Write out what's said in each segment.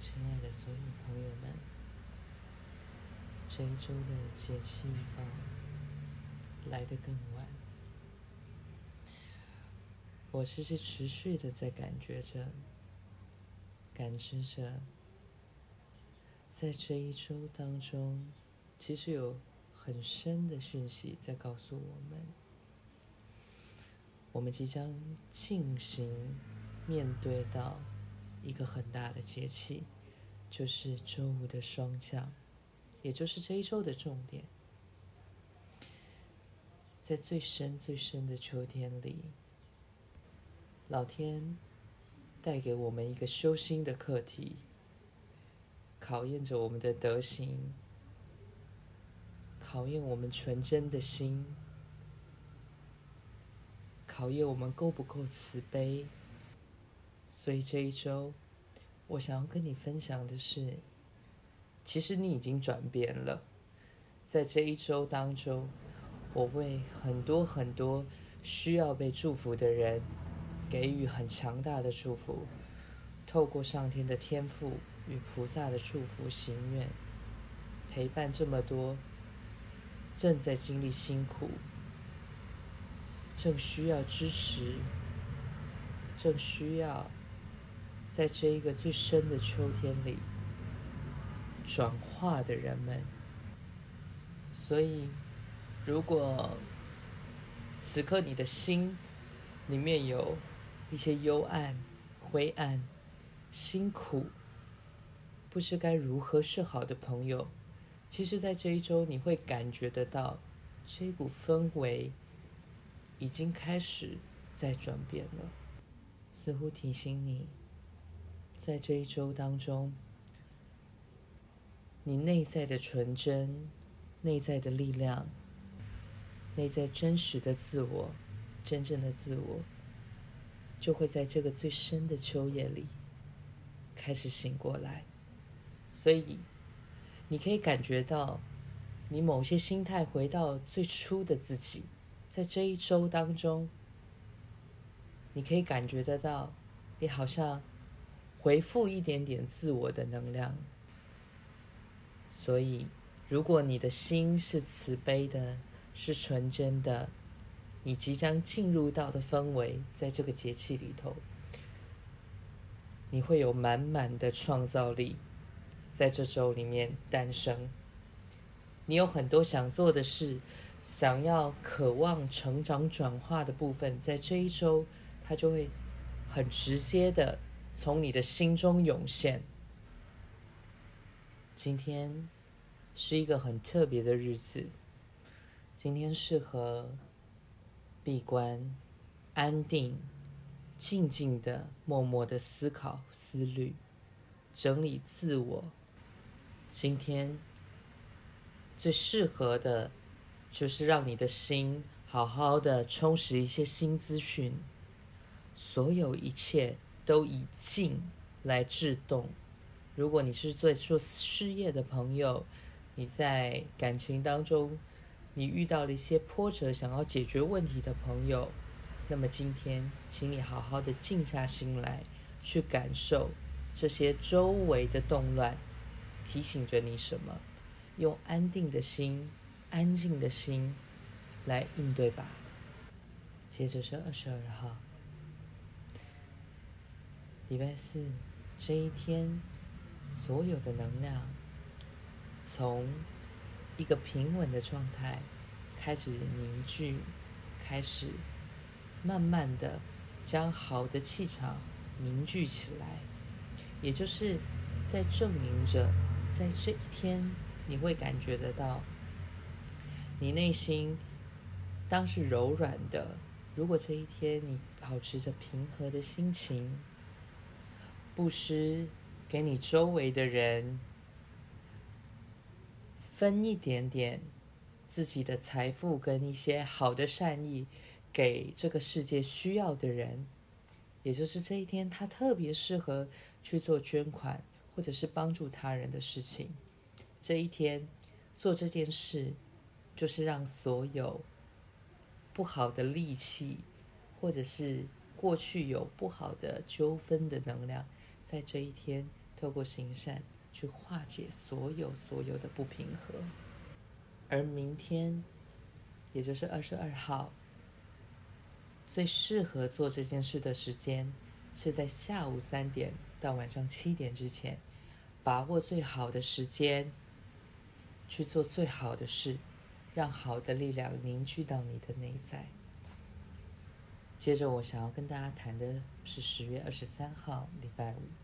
親愛的所有朋友們，這一周的節氣預報來得更晚。我其實持續的在感覺着、感知着，在這一周當中，其實有很深的訊息在告訴我們，我們即將進行面對到。一個很大的節氣，就是周五的霜降，也就是這一周的重點。在最深最深的秋天裡，老天帶給我們一個修心的課題，考驗着我們的德行，考驗我們純真的心，考驗我們夠不夠慈悲。所以這一周，我想要跟你分享的是，其實你已經轉變了。在這一周當中，我為很多很多需要被祝福的人，給予很強大的祝福，透過上天的天賦與菩薩的祝福心願，陪伴這麼多正在經歷辛苦、正需要支持、正需要。在這一個最深的秋天裡，轉化的人們。所以，如果此刻你的心裡面有一些幽暗、灰暗、辛苦，不知該如何是好的朋友，其實，在這一週你會感覺得到，這股氛圍已經開始在轉變了，似乎提醒你。在這一周當中，你內在的純真、內在的力量、內在真實的自我、真正的自我，就會在這個最深的秋夜裡開始醒過來。所以，你可以感覺到你某些心態回到最初的自己。在這一周當中，你可以感覺得到，你好像。恢復一點點自我的能量，所以，如果你的心是慈悲的，是純真的，你即將進入到的氛圍，在這個節氣裡頭，你會有滿滿的創造力，在這週裡面誕生。你有很多想做的事，想要渴望成長轉化的部分，在這一周，它就會很直接的。從你的心中湧現。今天是一個很特別的日子，今天適合閉關、安定、靜靜的、默默的思考思慮、整理自我。今天最適合的就是讓你的心好好的充實一些新資訊，所有一切，都以靜來制動。如果你是做做事業的朋友，你在感情當中，你遇到了一些波折，想要解決問題的朋友，那麼今天，請你好好的靜下心來，去感受這些周圍的動亂，提醒着你什麼，用安定的心、安靜的心來應對吧。接着是二十二號。禮拜四這一天，所有的能量從一個平穩的狀態開始凝聚，開始慢慢的將好的氣場凝聚起來，也就是在證明着，在這一天你會感覺得到，你內心當是柔軟的。如果這一天你保持着平和的心情。布施，給你周圍的人分一點點自己的財富跟一些好的善意，給這個世界需要的人。也就是這一天，他特別適合去做捐款或者是幫助他人的事情。這一天做這件事，就是讓所有不好的戾氣，或者是過去有不好的糾紛的能量。在這一天，透過行善去化解所有所有的不平和，而明天，也就是二十二號，最適合做這件事的時間是在下午三點到晚上七點之前，把握最好的時間去做最好的事，讓好的力量凝聚到你的內在。接着，我想要跟大家談的是十月二十三號，禮拜五。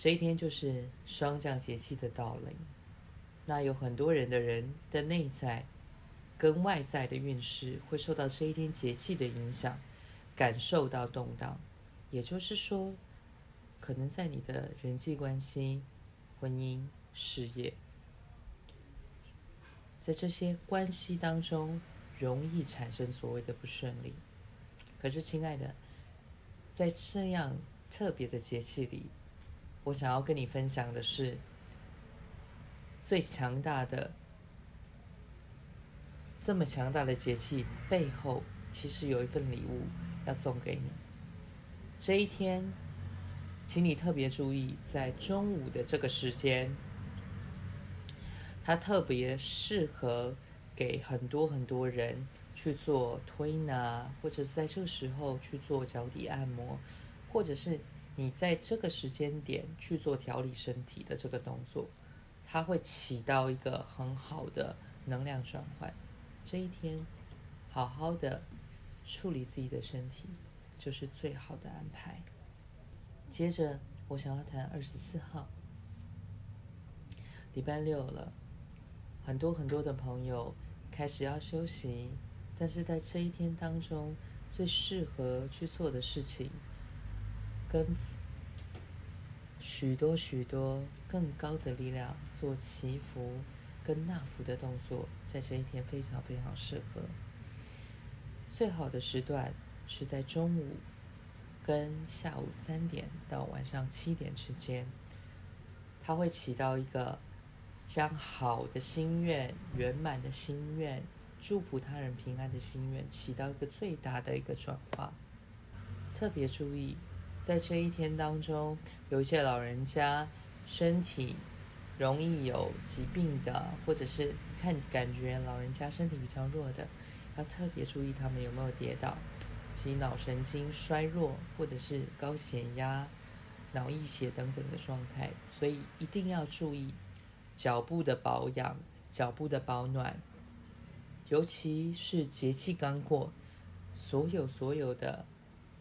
這一天就是霜降節氣的到來，那有很多人的人的內在跟外在的運勢會受到這一天節氣的影響，感受到動盪。也就是說，可能在你的人際關係、婚姻、事業，在這些關係當中容易產生所謂的不順利。可是，親愛的，在這樣特別的節氣裡，我想要跟你分享的是，最強大的，這麼強大的節氣背後，其實有一份禮物要送給你。這一天，請你特別注意，在中午的這個時間，它特別適合給很多很多人去做推拿，或者是在這時候去做腳底按摩，或者是。你在這個時間點去做調理身體的這個動作，它會起到一個很好的能量轉換。這一天，好好的處理自己的身體，就是最好的安排。接着，我想要談二十四號，禮拜六了，很多很多的朋友開始要休息，但是在這一天當中，最適合去做的事情。跟許多許多更高的力量做祈福跟納福的動作，在這一天非常非常適合。最好的時段是在中午跟下午三點到晚上七點之間，它會起到一個將好的心願、圓滿的心願、祝福他人平安的心願起到一個最大的一個轉化。特別注意。在這一天當中，有一些老人家身體容易有疾病的，或者是看感覺老人家身體比較弱的，要特別注意他們有沒有跌倒，及腦神經衰弱或者是高血壓、腦溢血等等的狀態，所以一定要注意腳部的保養、腳部的保暖，尤其是節氣剛過，所有所有的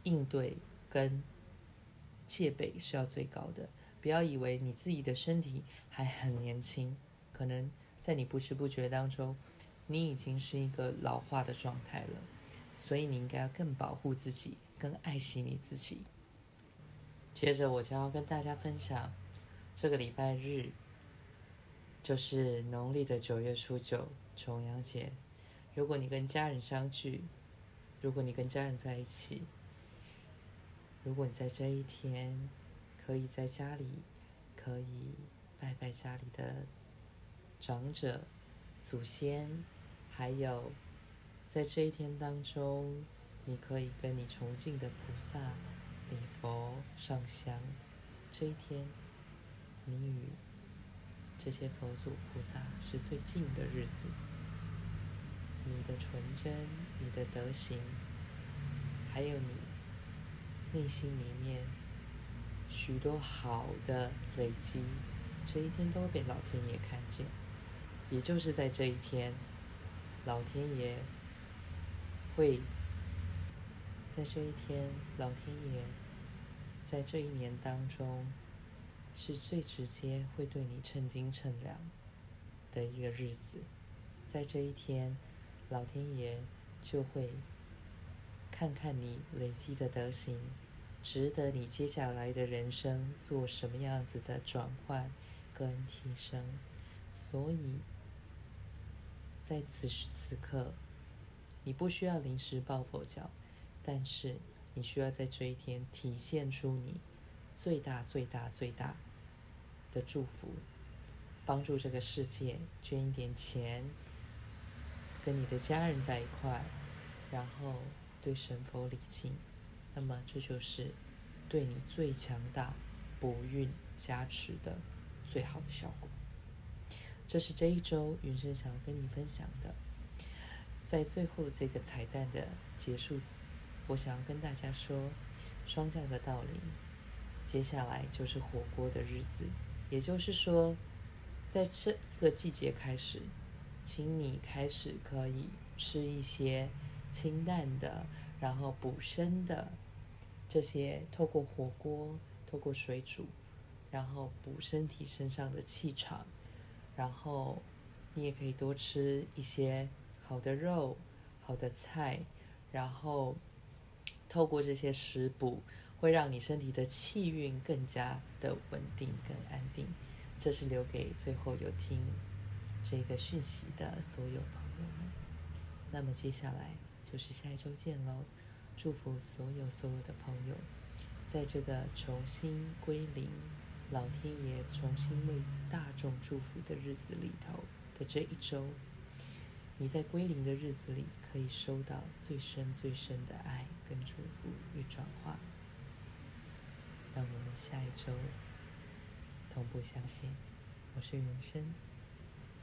應對跟。戒備是要最高的，不要以為你自己的身體還很年輕，可能在你不知不覺當中，你已經是一個老化的狀態了，所以你應該要更保護自己，更愛惜你自己。接着，我將要跟大家分享，這個禮拜日就是農曆的九月初九，重陽節。如果你跟家人相聚，如果你跟家人在一起。如果你在這一天，可以在家裡，可以拜拜家裡的長者、祖先，還有在這一天當中，你可以跟你崇敬的菩薩禮佛、上香。這一天，你與這些佛祖菩薩是最近的日子。你的純真、你的德行，還有你。內心裡面許多好的累積，這一天都被老天爺看見。也就是在這一天，老天爺會在這一天，老天爺在這一年當中是最直接會對你稱斤稱兩的一個日子。在這一天，老天爺就會。看看你累積的德行，值得你接下來的人生做什麼樣子的轉換跟提升。所以，在此時此刻，你不需要臨時抱佛腳，但是你需要在這一天體現出你最大、最大、最大的祝福，幫助這個世界，捐一點錢，跟你的家人在一塊，然後。對神佛禮敬，那麼這就是對你最強大補運加持的最好的效果。這是這一周云生想要跟你分享的。在最後這個彩蛋的結束，我想要跟大家說，霜降的道理，接下來就是火鍋的日子，也就是說，在這一個季節開始，請你開始可以吃一些。清淡的，然後補身的，這些透過火鍋，透過水煮，然後補身體身上的氣場，然後你也可以多吃一些好的肉、好的菜，然後透過這些食補，會讓你身體的氣運更加的穩定跟安定。這是留給最後有聽這個訊息的所有朋友們。那麼接下來。就是下一周見嘍！祝福所有所有的朋友，在這個重新歸零、老天爺重新為大眾祝福的日子裡頭的這一周，你在歸零的日子裡可以收到最深最深的愛跟祝福與轉化。讓我們下一周同步相見。我是雲深。